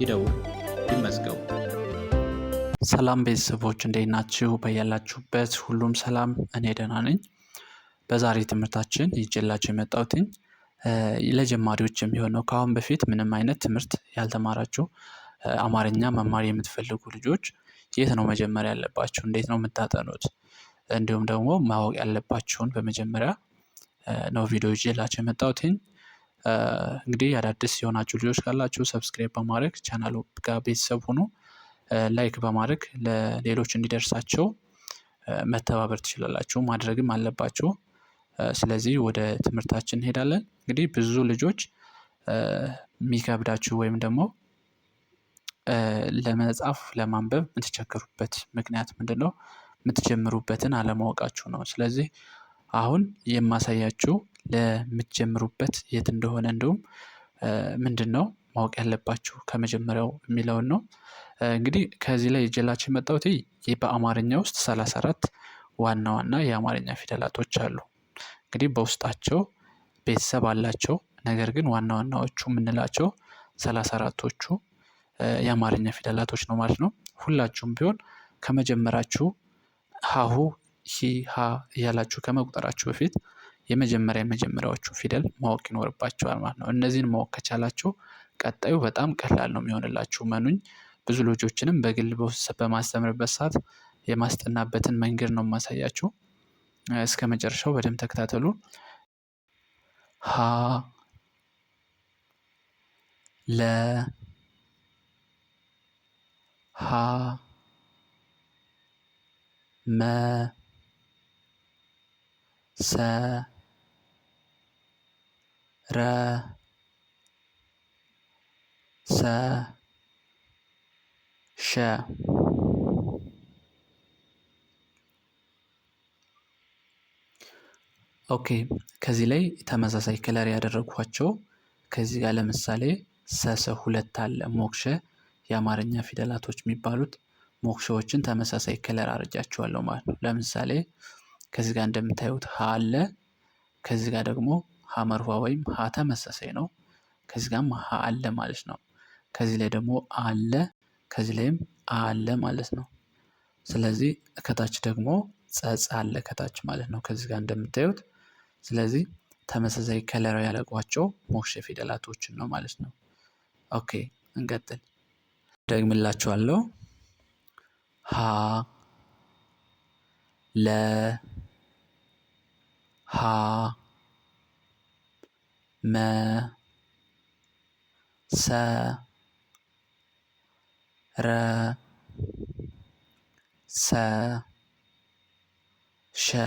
ይደውሉ፣ ይመዝገቡ። ሰላም ቤተሰቦች እንዴት ናችሁ? በያላችሁበት ሁሉም ሰላም፣ እኔ ደህና ነኝ። በዛሬ ትምህርታችን ይዤላችሁ የመጣሁትኝ ለጀማሪዎች የሚሆነው ከአሁን በፊት ምንም አይነት ትምህርት ያልተማራችሁ አማርኛ መማር የምትፈልጉ ልጆች የት ነው መጀመሪያ ያለባችሁ? እንዴት ነው የምታጠኑት? እንዲሁም ደግሞ ማወቅ ያለባችሁን በመጀመሪያ ነው ቪዲዮ ይዤላችሁ የመጣሁትኝ። እንግዲህ አዳዲስ የሆናችሁ ልጆች ካላችሁ ሰብስክራይብ በማድረግ ቻናሉ ጋር ቤተሰብ ሆኖ ላይክ በማድረግ ለሌሎች እንዲደርሳቸው መተባበር ትችላላችሁ፣ ማድረግም አለባችሁ። ስለዚህ ወደ ትምህርታችን እንሄዳለን። እንግዲህ ብዙ ልጆች የሚከብዳችሁ ወይም ደግሞ ለመጻፍ ለማንበብ የምትቸገሩበት ምክንያት ምንድን ነው? የምትጀምሩበትን አለማወቃችሁ ነው። ስለዚህ አሁን የማሳያችሁ ለምትጀምሩበት የት እንደሆነ ምንድን ምንድነው ማወቅ ያለባችሁ ከመጀመሪያው የሚለውን ነው። እንግዲህ ከዚህ ላይ ይዤላችሁ የመጣሁት በአማርኛ ውስጥ ሰላሳ አራት ዋና ዋና የአማርኛ ፊደላቶች አሉ። እንግዲህ በውስጣቸው ቤተሰብ አላቸው ነገር ግን ዋና ዋናዎቹ የምንላቸው ሰላሳ አራቶቹ የአማርኛ ፊደላቶች ነው ማለት ነው። ሁላችሁም ቢሆን ከመጀመራችሁ ሀሁ ሂ ሃ እያላችሁ ከመቁጠራችሁ በፊት የመጀመሪያ የመጀመሪያዎቹ ፊደል ማወቅ ይኖርባቸዋል ማለት ነው። እነዚህን ማወቅ ከቻላችሁ ቀጣዩ በጣም ቀላል ነው የሚሆንላችሁ መኑኝ ብዙ ልጆችንም በግል በማስተምርበት ሰዓት የማስጠናበትን መንገድ ነው የማሳያችሁ። እስከ መጨረሻው በደንብ ተከታተሉ። ሀ ለ ሀ መ ሰ ረ ሰ ሸ ኦኬ ከዚህ ላይ ተመሳሳይ ከለር ያደረግኳቸው ከዚህ ጋር ለምሳሌ ሰሰ ሁለት አለ ሞክሸ የአማርኛ ፊደላቶች የሚባሉት ሞክሸዎችን ተመሳሳይ ከለር አርጃቸዋለሁ ማለት ነው። ለምሳሌ ከዚህ ጋር እንደምታዩት ሀ አለ ከዚህ ጋር ደግሞ ሀመርዋ ወይም ሀ ተመሳሳይ ነው። ከዚህ ጋም ሀ አለ ማለት ነው። ከዚህ ላይ ደግሞ አለ ከዚህ ላይም አለ ማለት ነው። ስለዚህ ከታች ደግሞ ጸጽ አለ ከታች ማለት ነው። ከዚህ ጋር እንደምታዩት ስለዚህ ተመሳሳይ ከለር ያለቋቸው ሞክሼ ፊደላቶችን ነው ማለት ነው። ኦኬ እንቀጥል። ደግምላችኋለሁ። ሀ ለ ሀ መ ሰ ረ ሰ ሸ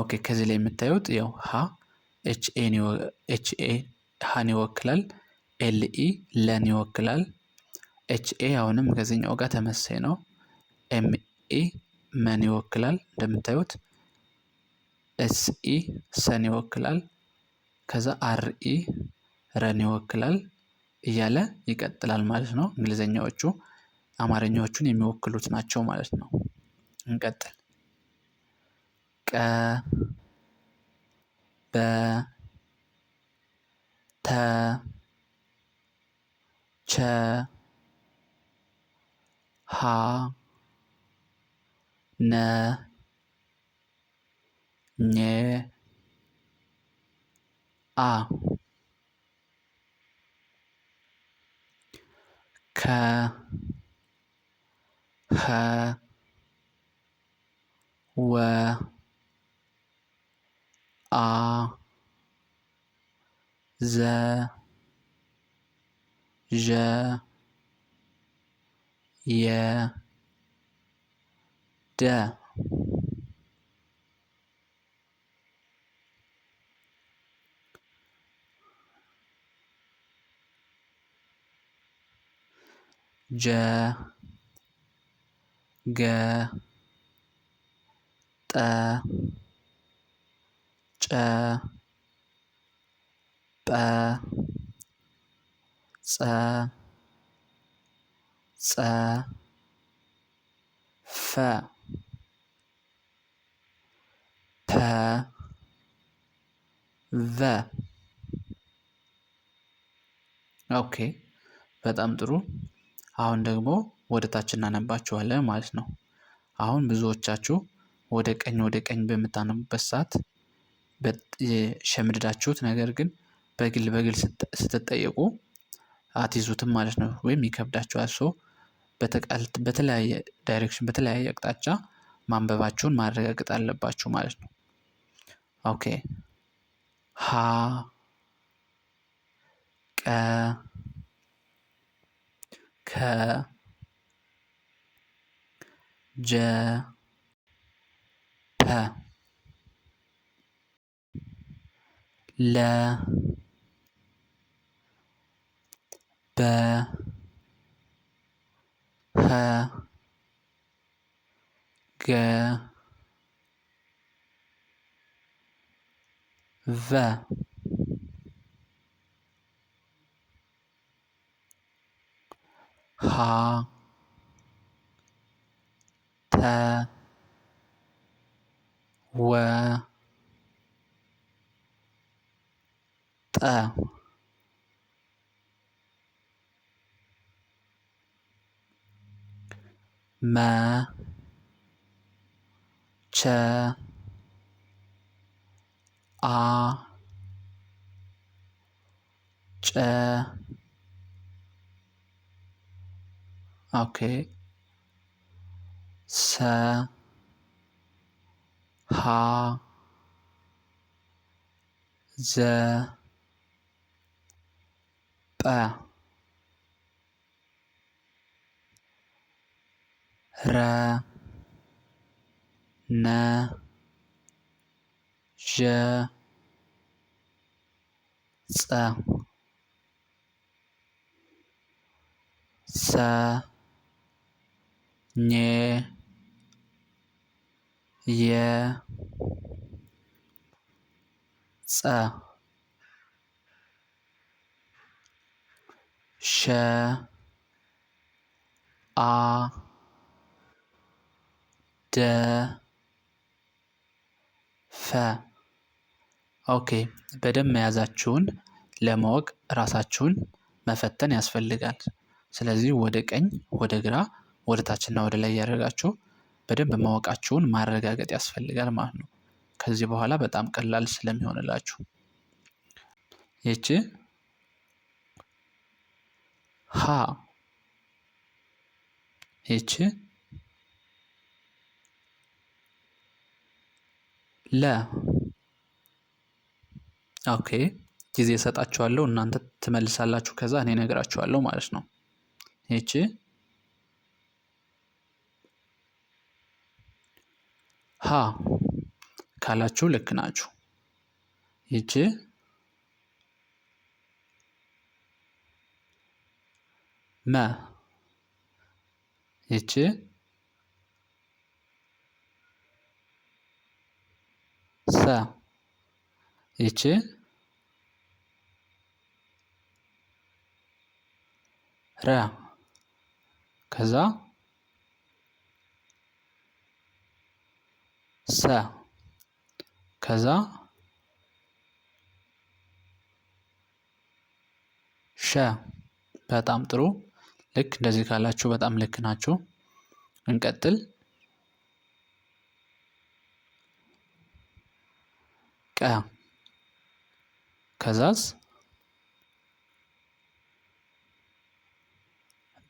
ኦኬ ከዚህ ላይ የምታዩት ያው ሀ ኤች ኤ ሀን ይወክላል። ኤል ኢ ለን ይወክላል። ኤች ኤ አሁንም ከዚህኛው ጋር ተመሳሳይ ነው። ኤም ኤ መን ይወክላል እንደምታዩት ኤስኢ ሰን ይወክላል። ከዛ አር ኢ ረን ይወክላል እያለ ይቀጥላል ማለት ነው። እንግሊዘኛዎቹ አማርኛዎቹን የሚወክሉት ናቸው ማለት ነው። እንቀጥል። ቀ በ ተ ቸ ሀ ነ ኘ አ ከ ኸ ወ አ ዘ ዠ የ ደ جا جا تا جا با سا سا فا با ذا اوكي بدأ أمدرو አሁን ደግሞ ወደ ታች እናነባቸዋለን ማለት ነው። አሁን ብዙዎቻችሁ ወደ ቀኝ ወደ ቀኝ በምታነቡበት ሰዓት የሸምድዳችሁት ነገር ግን በግል በግል ስትጠየቁ አትይዙትም ማለት ነው፣ ወይም ይከብዳችኋል። ሶ በተለያየ ዳይሬክሽን በተለያየ አቅጣጫ ማንበባችሁን ማረጋገጥ አለባችሁ ማለት ነው። ኦኬ ሀ ቀ ك ج ب ل ب ه ج v ሃ ተ ወ ጠ መ ቸ አ ጨ okay sa ha za pa ra na ja sa sa ኘ የ ጸ ሸ አ ደ ፈ ኦኬ በደንብ መያዛችሁን ለማወቅ ራሳችሁን መፈተን ያስፈልጋል። ስለዚህ ወደ ቀኝ ወደ ግራ ወደ ታችና ወደ ላይ እያደረጋችሁ በደንብ ማወቃችሁን ማረጋገጥ ያስፈልጋል ማለት ነው። ከዚህ በኋላ በጣም ቀላል ስለሚሆንላችሁ ይቺ ሀ ይቺ ለ ኦኬ ጊዜ እሰጣችኋለሁ እናንተ ትመልሳላችሁ ከዛ እኔ እነግራችኋለሁ ማለት ነው ይቺ ሃ ካላችሁ ልክ ናችሁ። ይቺ መ ይቺ ሰ ይቺ ረ ከዛ ሰ ከዛ ሸ በጣም ጥሩ። ልክ እንደዚህ ካላችሁ በጣም ልክ ናችሁ። እንቀጥል። ቀ ከዛስ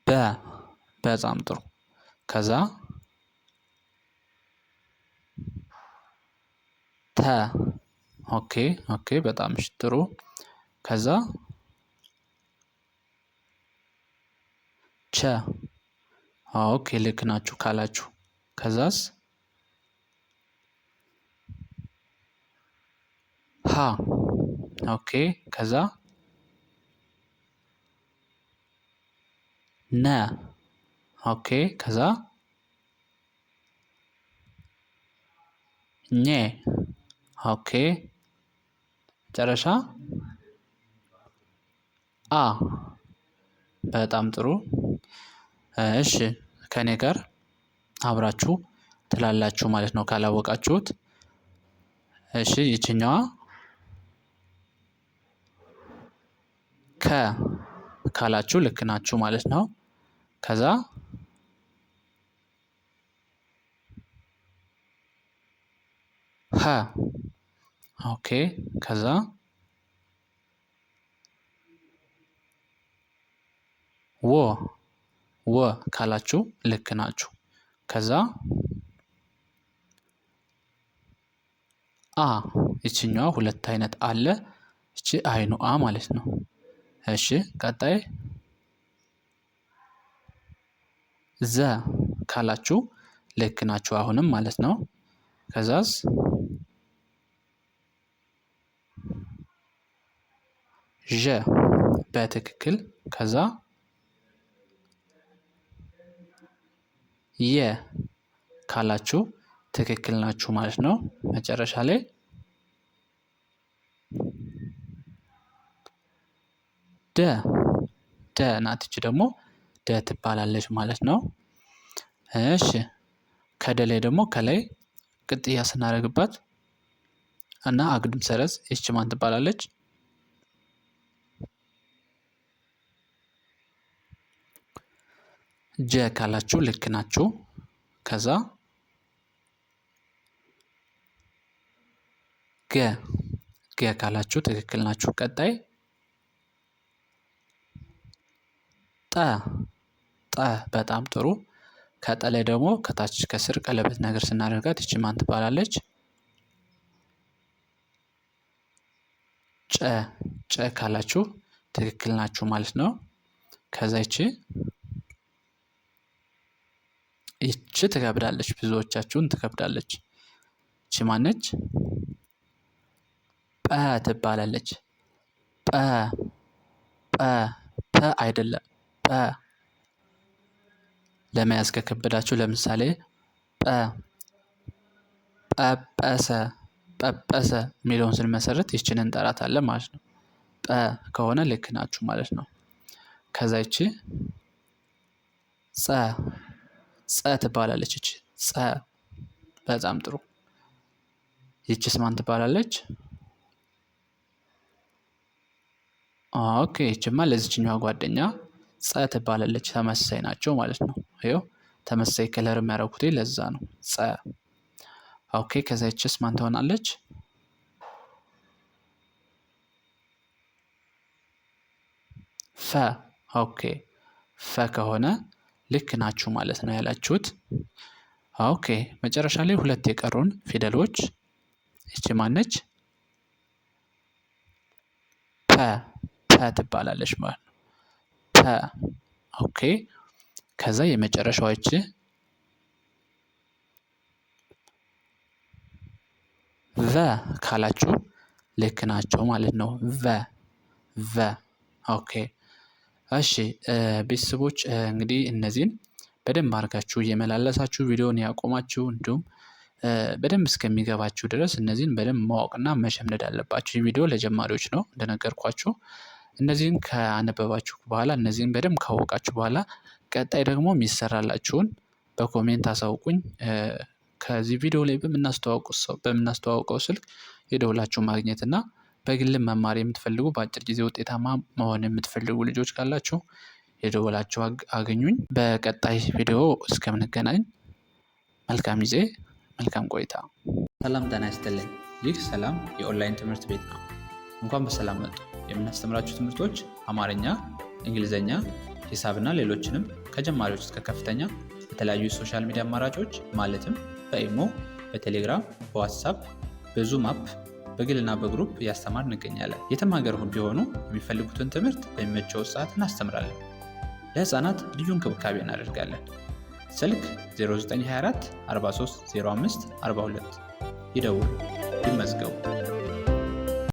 በ በጣም ጥሩ። ከዛ ተ ኦኬ ኦኬ በጣም እሺ ጥሩ። ከዛ ቸ ኦኬ ልክ ናችሁ ካላችሁ ከዛስ ሀ ኦኬ ከዛ ነ ኦኬ ከዛ ኘ ኦኬ መጨረሻ አ በጣም ጥሩ። እሺ ከእኔ ጋር አብራችሁ ትላላችሁ ማለት ነው ካላወቃችሁት። እሺ ይቺኛዋ ከ ካላችሁ ልክ ናችሁ ማለት ነው። ከዛ ሀ ኦኬ ከዛ ወ ወ ካላችሁ ልክ ናችሁ። ከዛ አ ይችኛዋ ሁለት አይነት አለ። እቺ አይኑ አ ማለት ነው። እሺ ቀጣይ ዘ ካላችሁ ልክ ናችሁ አሁንም ማለት ነው። ከዛዝ ዠ በትክክል ከዛ የ ካላችሁ ትክክል ናችሁ ማለት ነው። መጨረሻ ላይ ደ ደ ናትች ደግሞ ደ ትባላለች ማለት ነው። እሺ ከደ ላይ ደግሞ ከላይ ቅጥያ ስናደርግባት እና አግድም ሰረዝ ይች ማን ትባላለች? ጀ ካላችሁ ልክ ናችሁ። ከዛ ገ ገ ካላችሁ ትክክል ናችሁ። ቀጣይ ጠ ጠ በጣም ጥሩ። ከጠ ላይ ደግሞ ከታች ከስር ቀለበት ነገር ስናደርጋት ይቺ ማን ትባላለች? ጨ ጨ ካላችሁ ትክክል ናችሁ ማለት ነው። ከዛ ይቺ ይቺ ትከብዳለች። ብዙዎቻችሁን ትከብዳለች። ይች ማነች? ጰ ትባላለች። ጰ ጰ ፐ አይደለም ጰ። ለመያዝ ከከበዳችሁ ለምሳሌ ጰ ጰጰሰ ጰጰሰ የሚለውን ስንመሰረት ይችን እንጠራታለን ማለት ነው። ጰ ከሆነ ልክ ናችሁ ማለት ነው። ከዛ ይቺ ጸ ትባላለች። እች ጸ በጣም ጥሩ። ይችስ ማን ትባላለች? ኦኬ ይችማ ለዚችኛዋ ጓደኛ ጸ ትባላለች። ተመሳሳይ ናቸው ማለት ነው። ይኸው ተመሳሳይ ከለር የሚያደርጉት ለዛ ነው ጸ። ኦኬ ከዛ ይችስ ማን ትሆናለች? ፈ ኦኬ ፈ ከሆነ ልክ ናችሁ ማለት ነው ያላችሁት። ኦኬ መጨረሻ ላይ ሁለት የቀሩን ፊደሎች እች ማነች? ፐ ፐ ትባላለች ማለት ነው። ፐ ኦኬ። ከዛ የመጨረሻዎች ቨ ካላችሁ ልክ ናቸው ማለት ነው። ቨ ቨ ኦኬ እሺ ቤተሰቦች እንግዲህ እነዚህን በደንብ አድርጋችሁ እየመላለሳችሁ ቪዲዮን ያቆማችሁ እንዲሁም በደንብ እስከሚገባችሁ ድረስ እነዚህን በደንብ ማወቅና መሸምደድ አለባችሁ። ይህ ቪዲዮ ለጀማሪዎች ነው እንደነገርኳችሁ። እነዚህን ካነበባችሁ በኋላ እነዚህን በደንብ ካወቃችሁ በኋላ ቀጣይ ደግሞ የሚሰራላችሁን በኮሜንት አሳውቁኝ። ከዚህ ቪዲዮ ላይ በምናስተዋውቀው ስልክ የደውላችሁ ማግኘትና። በግልም መማር የምትፈልጉ በአጭር ጊዜ ውጤታማ መሆን የምትፈልጉ ልጆች ካላችሁ የደወላችሁ አገኙኝ በቀጣይ ቪዲዮ እስከምንገናኝ መልካም ጊዜ፣ መልካም ቆይታ። ሰላም ጤና ይስጥልኝ። ይህ ሰላም የኦንላይን ትምህርት ቤት ነው። እንኳን በሰላም መጡ። የምናስተምራችሁ ትምህርቶች አማርኛ፣ እንግሊዝኛ፣ ሂሳብና ሌሎችንም ከጀማሪዎች እስከ ከፍተኛ የተለያዩ የሶሻል ሚዲያ አማራጮች ማለትም በኢሞ፣ በቴሌግራም፣ በዋትሳፕ፣ በዙም አፕ በግልና በግሩፕ እያስተማር እንገኛለን። የትም ሀገር ቢሆኑ የሚፈልጉትን ትምህርት በሚመቸው ሰዓት እናስተምራለን። ለህፃናት ልዩ እንክብካቤ እናደርጋለን። ስልክ 0924 05 42 ይደውል ይመዝገቡ።